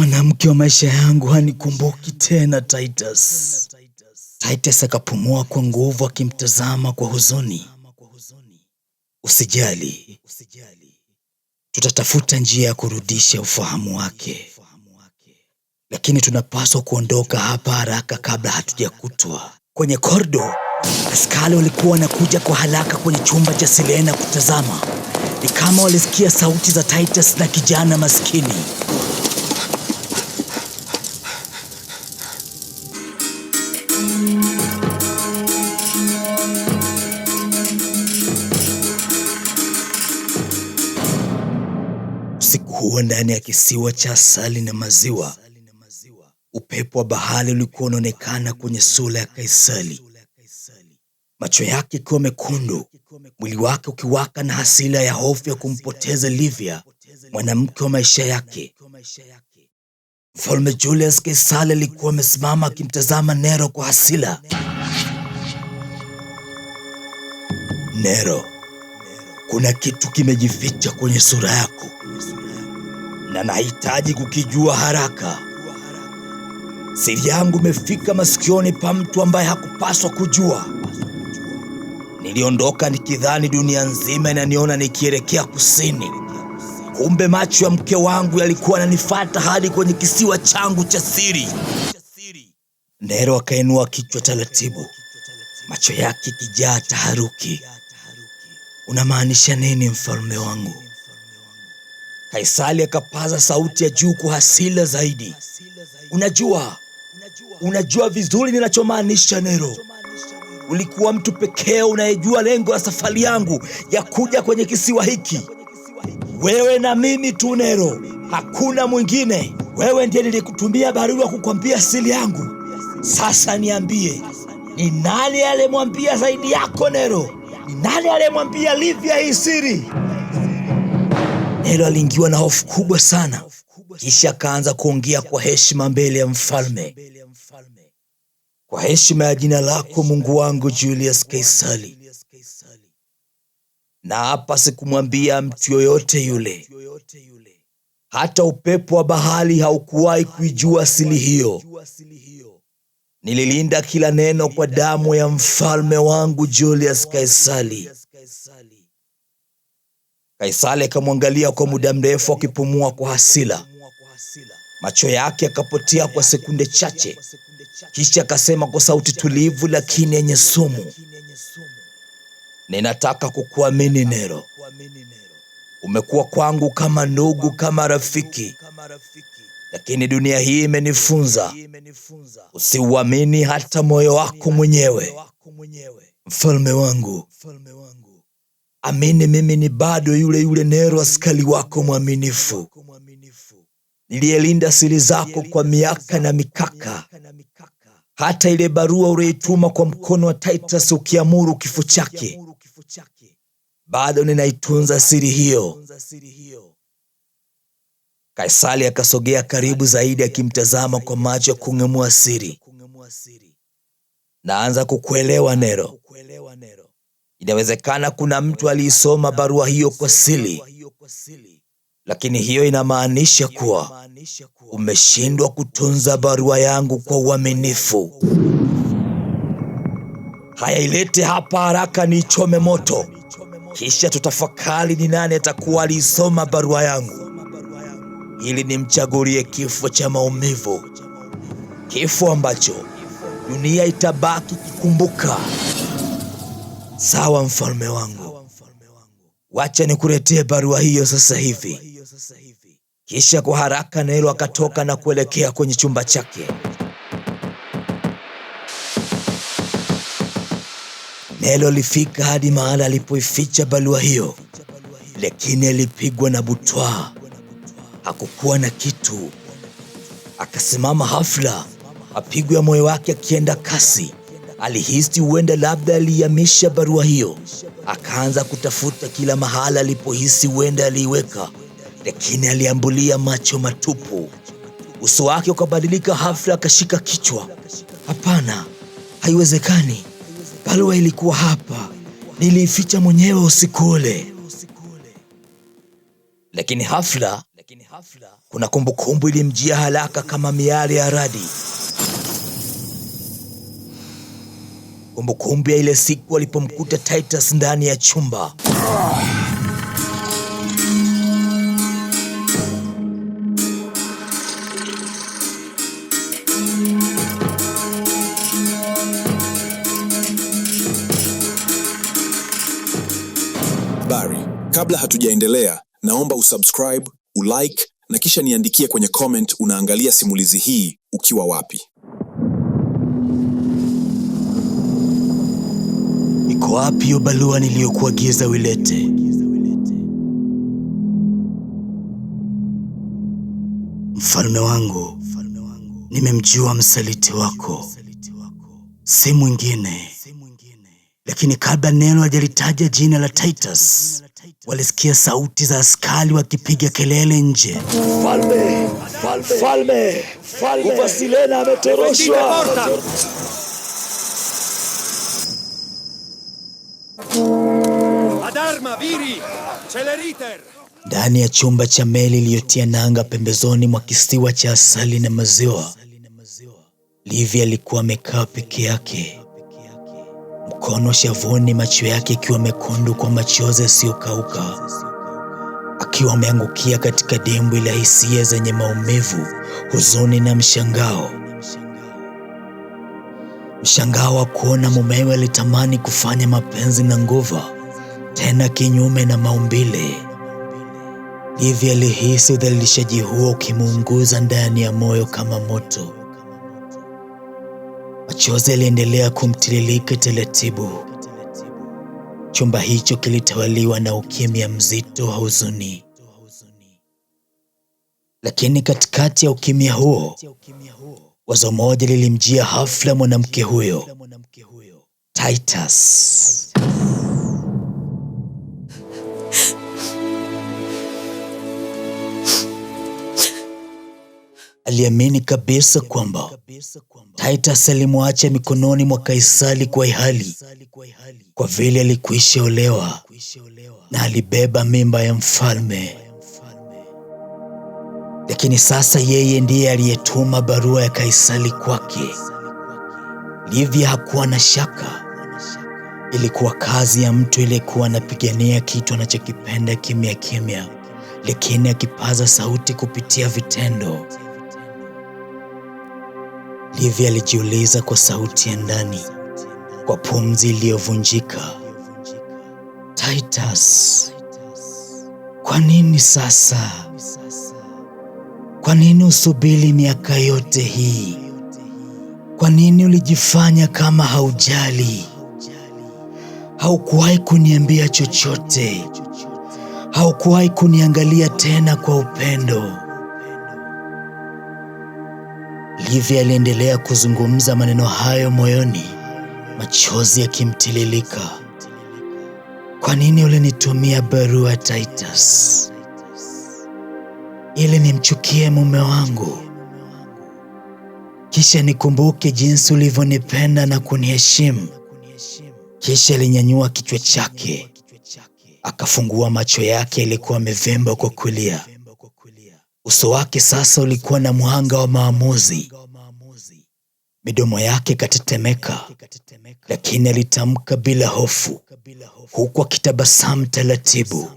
mwanamke wa maisha yangu hanikumbuki tena Titus. Titus akapumua kwa nguvu akimtazama kwa huzuni. Usijali, tutatafuta njia ya kurudisha ufahamu wake, lakini tunapaswa kuondoka hapa haraka kabla hatujakutwa. Kwenye kordo, askari walikuwa wanakuja kwa haraka kwenye chumba cha Silena kutazama. Ni kama walisikia sauti za Titus na kijana maskini. Nilikuwa ndani ya kisiwa cha asali na maziwa. Upepo wa bahari ulikuwa unaonekana kwenye sura ya kaisali macho yake ikiwa mekundu, mwili wake ukiwaka na hasira ya hofu ya kumpoteza Livia, mwanamke wa maisha yake. Mfalme Julius kaisali alikuwa amesimama akimtazama Nero kwa hasira. Nero, kuna kitu kimejificha kwenye sura yako na nahitaji kukijua haraka. Siri yangu imefika masikioni pa mtu ambaye hakupaswa kujua. Niliondoka nikidhani dunia nzima inaniona nikielekea kusini, kumbe macho ya mke wangu yalikuwa nanifata hadi kwenye kisiwa changu cha siri. nero akainua kichwa taratibu, macho yake kijaa taharuki. Unamaanisha nini mfalme wangu? kaisali akapaza sauti ya juu kwa hasira zaidi, unajua, unajua vizuri ninachomaanisha Nero. Ulikuwa mtu pekee unayejua lengo la safari yangu ya kuja kwenye kisiwa hiki. Wewe na mimi tu Nero, hakuna mwingine. Wewe ndiye nilikutumia barua kukwambia siri yangu. Sasa niambie, ni nani aliyemwambia zaidi yako Nero? Ni nani aliyemwambia Livia hii siri? Nero aliingiwa na hofu kubwa sana, kisha akaanza kuongea kwa heshima mbele ya mfalme. Kwa heshima ya jina lako Mungu wangu Julius Kaisari, na hapa sikumwambia mtu yoyote yule, hata upepo wa bahari haukuwahi kuijua asili hiyo. Nililinda kila neno kwa damu ya mfalme wangu Julius Kaisari. Kaisari akamwangalia kwa muda mrefu, akipumua kwa hasira. Macho yake akapotea kwa sekunde chache, kisha akasema kwa sauti tulivu lakini yenye sumu, ninataka kukuamini Nero. Umekuwa kwangu kama ndugu, kama rafiki, lakini dunia hii imenifunza usiuamini hata moyo wako mwenyewe, mfalme wangu. Amini mimi ni bado yule yule Nero, askari wako mwaminifu niliyelinda siri zako kwa miaka na mikaka, hata ile barua uliyoituma kwa mkono wa Titus ukiamuru kifo chake, bado ninaitunza siri hiyo. Kaisari akasogea karibu zaidi, akimtazama kwa macho ya kung'emua siri. Naanza kukuelewa Nero. Inawezekana kuna mtu aliisoma barua hiyo kwa siri, lakini hiyo inamaanisha kuwa umeshindwa kutunza barua yangu kwa uaminifu. Haya, ilete hapa haraka niichome moto, kisha tutafakari ni nani atakuwa aliisoma barua yangu ili nimchagulie kifo cha maumivu, kifo ambacho dunia itabaki kikumbuka. Sawa mfalme wangu, wacha nikuletee barua hiyo sasa hivi. Kisha kwa haraka Nero akatoka na kuelekea kwenye chumba chake. Nero alifika hadi mahala alipoificha barua hiyo, lakini alipigwa na butwa Hakukuwa na kitu. Akasimama hafla, apigwe ya moyo wake akienda kasi Alihisi huenda labda alihamisha barua hiyo, akaanza kutafuta kila mahala alipohisi huenda aliiweka, lakini aliambulia macho matupu. Uso wake ukabadilika hafla akashika kichwa. Hapana, haiwezekani! Barua ilikuwa hapa, niliificha mwenyewe usiku ule. Lakini hafla kuna kumbukumbu ilimjia haraka kama miale ya radi. kumbukumbu ya ile siku alipomkuta Titus ndani ya chumba. Bari, kabla hatujaendelea, naomba usubscribe, ulike na kisha niandikie kwenye comment unaangalia simulizi hii ukiwa wapi. wapi hiyo barua niliyokuagiza uilete? Mfalme wangu, nimemjua msaliti wako, si mwingine lakini kabla neno hajalitaja jina la Titus, walisikia sauti za askari wakipiga kelele nje, falme falme falme, Mvasilena ametoroshwa! Adarma, Viri, Celeriter! Ndani ya chumba cha meli iliyotia nanga pembezoni mwa kisiwa cha asali na maziwa, Livia alikuwa amekaa peke yake, mkono shavuni, macho yake akiwa mekundu kwa machozi yasiyokauka, akiwa ameangukia katika dimbwi la hisia zenye maumivu, huzuni na mshangao mshangao wa kuona mumewe alitamani kufanya mapenzi na nguva, tena kinyume na maumbile. Hivi alihisi udhalilishaji huo ukimuunguza ndani ya moyo kama moto. Machozi aliendelea kumtiririka taratibu. Chumba hicho kilitawaliwa na ukimya mzito wa huzuni, lakini katikati ya ukimya huo Wazo moja lilimjia hafla mwanamke huyo Titus. Aliamini kabisa kwamba Titus alimwacha mikononi mwa kaisali kwa ihali, kwa vile alikwisha olewa na alibeba mimba ya mfalme lakini sasa yeye ndiye aliyetuma barua ya Kaisari kwake. Livia hakuwa na shaka, ilikuwa kazi ya mtu iliyekuwa anapigania kitu anachokipenda kimya kimya, lakini akipaza sauti kupitia vitendo. Livia alijiuliza kwa sauti ya ndani, kwa pumzi iliyovunjika, Titus, kwa nini sasa? Kwa nini usubiri miaka yote hii? Kwa nini ulijifanya kama haujali? Haukuwahi kuniambia chochote, haukuwahi kuniangalia tena kwa upendo. Livia aliendelea kuzungumza maneno hayo moyoni, machozi yakimtililika. Kwa nini ulinitumia barua Titus? ili nimchukie mume wangu, kisha nikumbuke jinsi ulivyonipenda na kuniheshimu. Kisha alinyanyua kichwa chake, akafungua macho yake, yalikuwa amevimba kwa kulia. Uso wake sasa ulikuwa na mwanga wa maamuzi. Midomo yake ikatetemeka, lakini alitamka bila hofu, huku akitabasamu taratibu.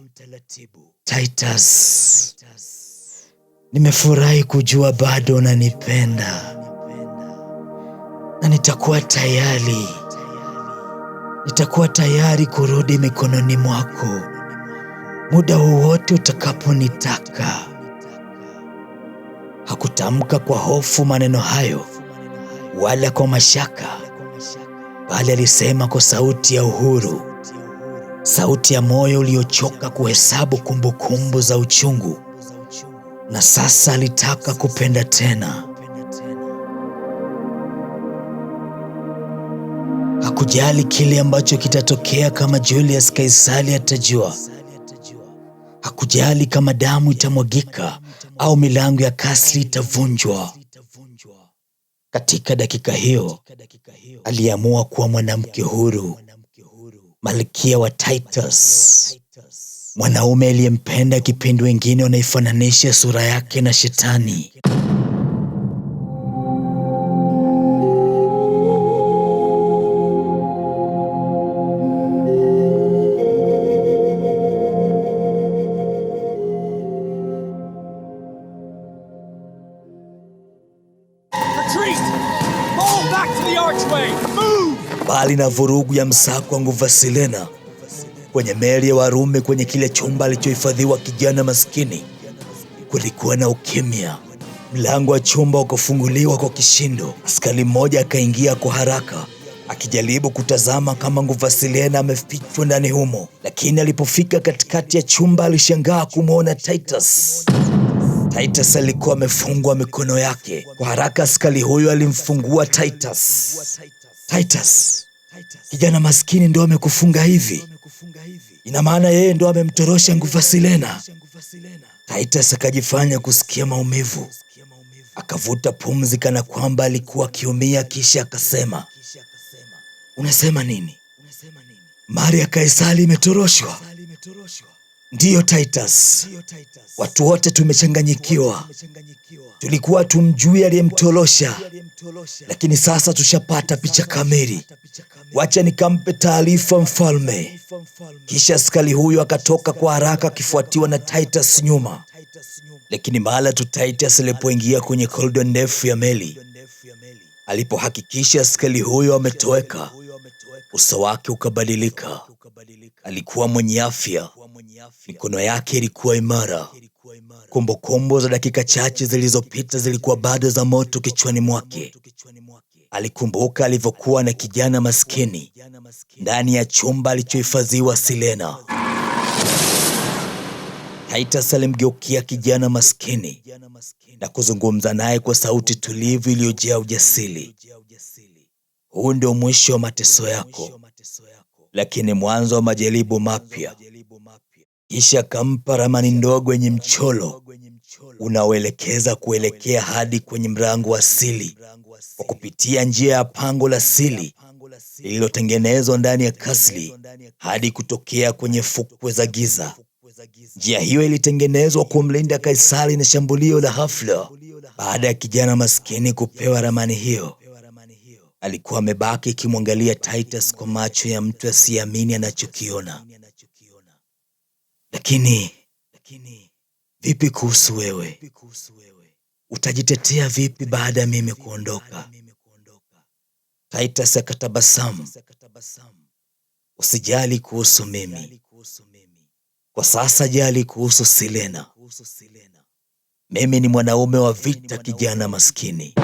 Titus Nimefurahi kujua bado unanipenda na nitakuwa tayari, nitakuwa tayari kurudi mikononi mwako muda wowote utakaponitaka. Hakutamka kwa hofu maneno hayo wala kwa mashaka, bali alisema kwa sauti ya uhuru, sauti ya moyo uliochoka kuhesabu kumbukumbu za uchungu na sasa alitaka kupenda tena. Hakujali kile ambacho kitatokea, kama Julius kaisali atajua. Hakujali kama damu itamwagika au milango ya kasri itavunjwa. Katika dakika hiyo aliamua kuwa mwanamke huru, malkia wa Titus. Mwanaume aliyempenda kipindi wengine wanaifananisha sura yake na Shetani. Bali na vurugu ya msako wa nguva Silena Kwenye meli ya Warume, kwenye kile chumba alichohifadhiwa kijana maskini, kulikuwa na ukimya. Mlango wa chumba ukafunguliwa kwa kishindo. Askari mmoja akaingia kwa haraka akijaribu kutazama kama Nguvasiliena amefichwa ndani humo, lakini alipofika katikati ya chumba alishangaa kumwona Titus. Titus alikuwa amefungwa mikono yake. Kwa haraka askari huyo alimfungua Titus. Titus, kijana maskini ndo amekufunga hivi? Ina maana yeye ndo amemtorosha nguva Silena. Titus akajifanya kusikia maumivu, akavuta pumzi kana kwamba alikuwa akiumia, kisha akasema, unasema nini? maria ya Kaisari imetoroshwa? Ndiyo Titus, watu wote tumechanganyikiwa. Tulikuwa tumjui aliyemtorosha, lakini sasa tushapata picha kamili. Wacha nikampe taarifa mfalme kisha askari huyo akatoka kwa haraka akifuatiwa na Titus nyuma, lakini mahala tu Titus alipoingia kwenye korido ndefu ya meli, alipohakikisha askari huyo ametoweka, uso wake ukabadilika. Alikuwa mwenye afya, mikono yake ilikuwa imara. Kumbukumbu za dakika chache zilizopita zilikuwa bado za moto kichwani mwake. Alikumbuka alivyokuwa na kijana maskini ndani ya chumba alichohifadhiwa Silena. Titus alimgeukia kijana maskini na kuzungumza naye kwa sauti tulivu iliyojaa ujasiri. Huu ndio mwisho wa mateso yako, lakini mwanzo wa majaribu mapya. Kisha akampa ramani ndogo yenye mchoro unaoelekeza kuelekea hadi kwenye mlango wa asili kwa kupitia njia ya pango la sili lililotengenezwa ndani ya kasli hadi kutokea kwenye fukwe za giza. Njia hiyo ilitengenezwa kumlinda Kaisari na shambulio la hafla. Baada ya kijana maskini kupewa ramani hiyo, alikuwa amebaki akimwangalia Titus kwa macho ya mtu asiyeamini anachokiona. Lakini vipi kuhusu wewe? utajitetea vipi baada ya mimi kuondoka? Titus akatabasamu, usijali kuhusu mimi kwa sasa, jali kuhusu Silena. Mimi ni mwanaume wa vita, kijana maskini.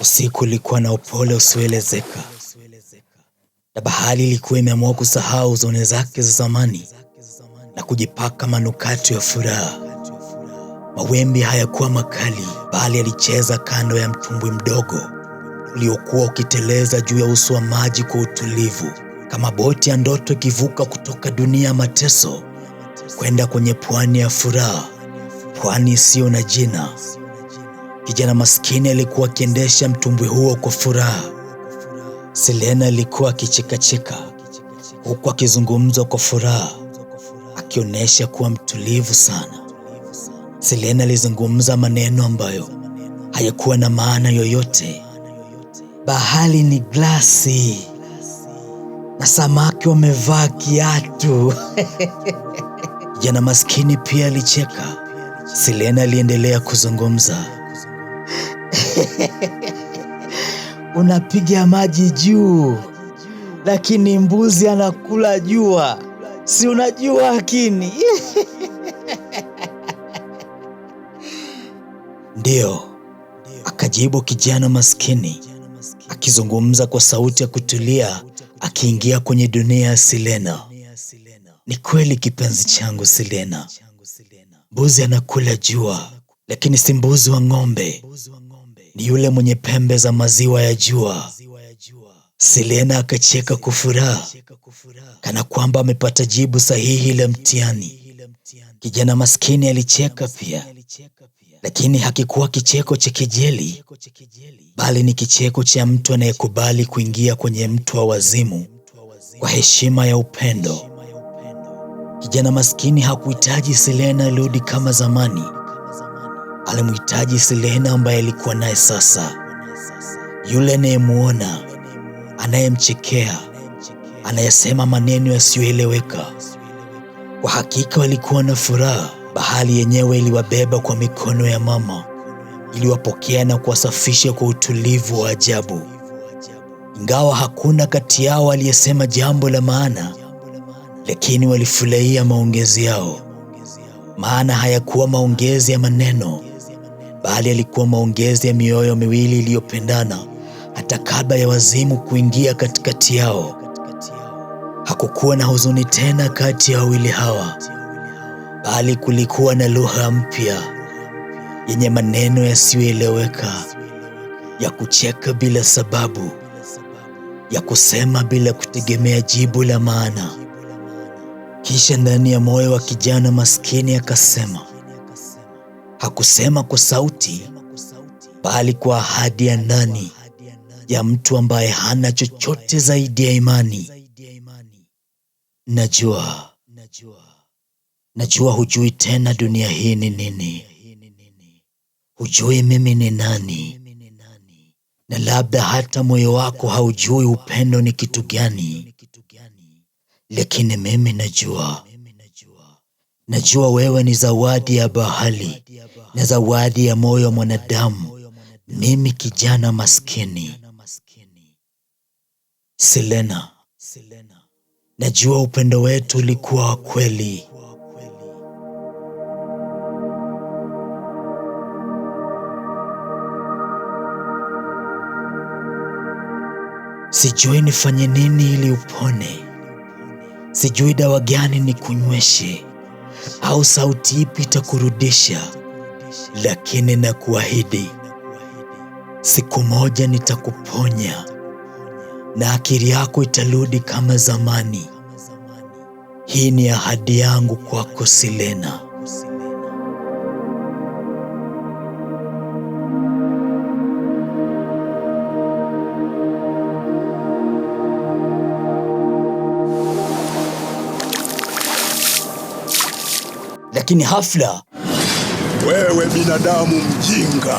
Usiku ulikuwa na upole usioelezeka na bahari ilikuwa imeamua kusahau zone zake za zamani na kujipaka manukato ya furaha. Mawimbi hayakuwa makali, bali yalicheza kando ya mtumbwi mdogo uliokuwa ukiteleza juu ya uso wa maji kwa utulivu, kama boti ya ndoto ikivuka kutoka dunia ya mateso kwenda kwenye pwani ya furaha, pwani isiyo na jina. Kijana maskini alikuwa akiendesha mtumbwi huo kwa furaha. Selena alikuwa akichekacheka huku akizungumza kwa furaha, akionyesha kuwa mtulivu sana. Selena alizungumza maneno ambayo hayakuwa na maana yoyote. Bahari ni glasi na samaki wamevaa kiatu. Kijana maskini pia alicheka. Selena aliendelea kuzungumza. unapiga maji juu, lakini mbuzi anakula jua, si unajua akini? ndio, akajibu kijana maskini akizungumza kwa sauti ya kutulia, akiingia kwenye dunia ya Silena. Ni kweli kipenzi changu Silena, mbuzi anakula jua, lakini si mbuzi wa ng'ombe ni yule mwenye pembe za maziwa ya jua. Silena akacheka kwa furaha kana kwamba amepata jibu sahihi la mtihani. Kijana maskini alicheka pia, lakini hakikuwa kicheko cha kejeli, bali ni kicheko cha mtu anayekubali kuingia kwenye mtu wa wazimu kwa heshima ya upendo. Kijana maskini hakuhitaji Silena rudi kama zamani alimhitaji Silena ambaye alikuwa naye sasa, yule anayemwona, anayemchekea, anayesema maneno yasiyoeleweka. Kwa hakika walikuwa na furaha. Bahari yenyewe iliwabeba kwa mikono ya mama, iliwapokea na kuwasafisha kwa utulivu wa ajabu. Ingawa hakuna kati yao aliyesema jambo la maana, lakini walifurahia maongezi yao, maana hayakuwa maongezi ya maneno bali alikuwa maongezi ya mioyo miwili iliyopendana hata kabla ya wazimu kuingia katikati yao. Hakukuwa na huzuni tena kati ya wawili hawa, bali kulikuwa na lugha mpya yenye maneno yasiyoeleweka, ya kucheka bila sababu, ya kusema bila kutegemea jibu la maana. Kisha ndani ya moyo wa kijana maskini akasema hakusema kwa sauti, bali kwa ahadi ya ndani ya mtu ambaye hana chochote zaidi ya imani. Najua, najua hujui tena dunia hii ni nini, hujui mimi ni nani, na labda hata moyo wako haujui upendo ni kitu gani, lakini mimi najua. Najua wewe ni zawadi ya bahali na zawadi ya moyo mwanadamu, mimi kijana maskini Selena, najua upendo wetu ulikuwa wa kweli. Sijui nifanye nini ili upone, sijui dawa gani nikunyweshe, au sauti ipi itakurudisha lakini nakuahidi siku moja nitakuponya na akili yako itarudi kama zamani. Hii ni ahadi yangu kwako Silena. Lakini hafla wewe binadamu mjinga,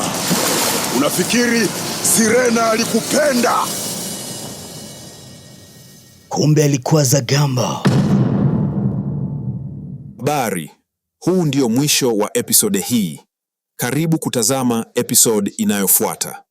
unafikiri Sirena alikupenda? Kumbe alikuwa gamba Habari, huu ndio mwisho wa episode hii. Karibu kutazama episode inayofuata.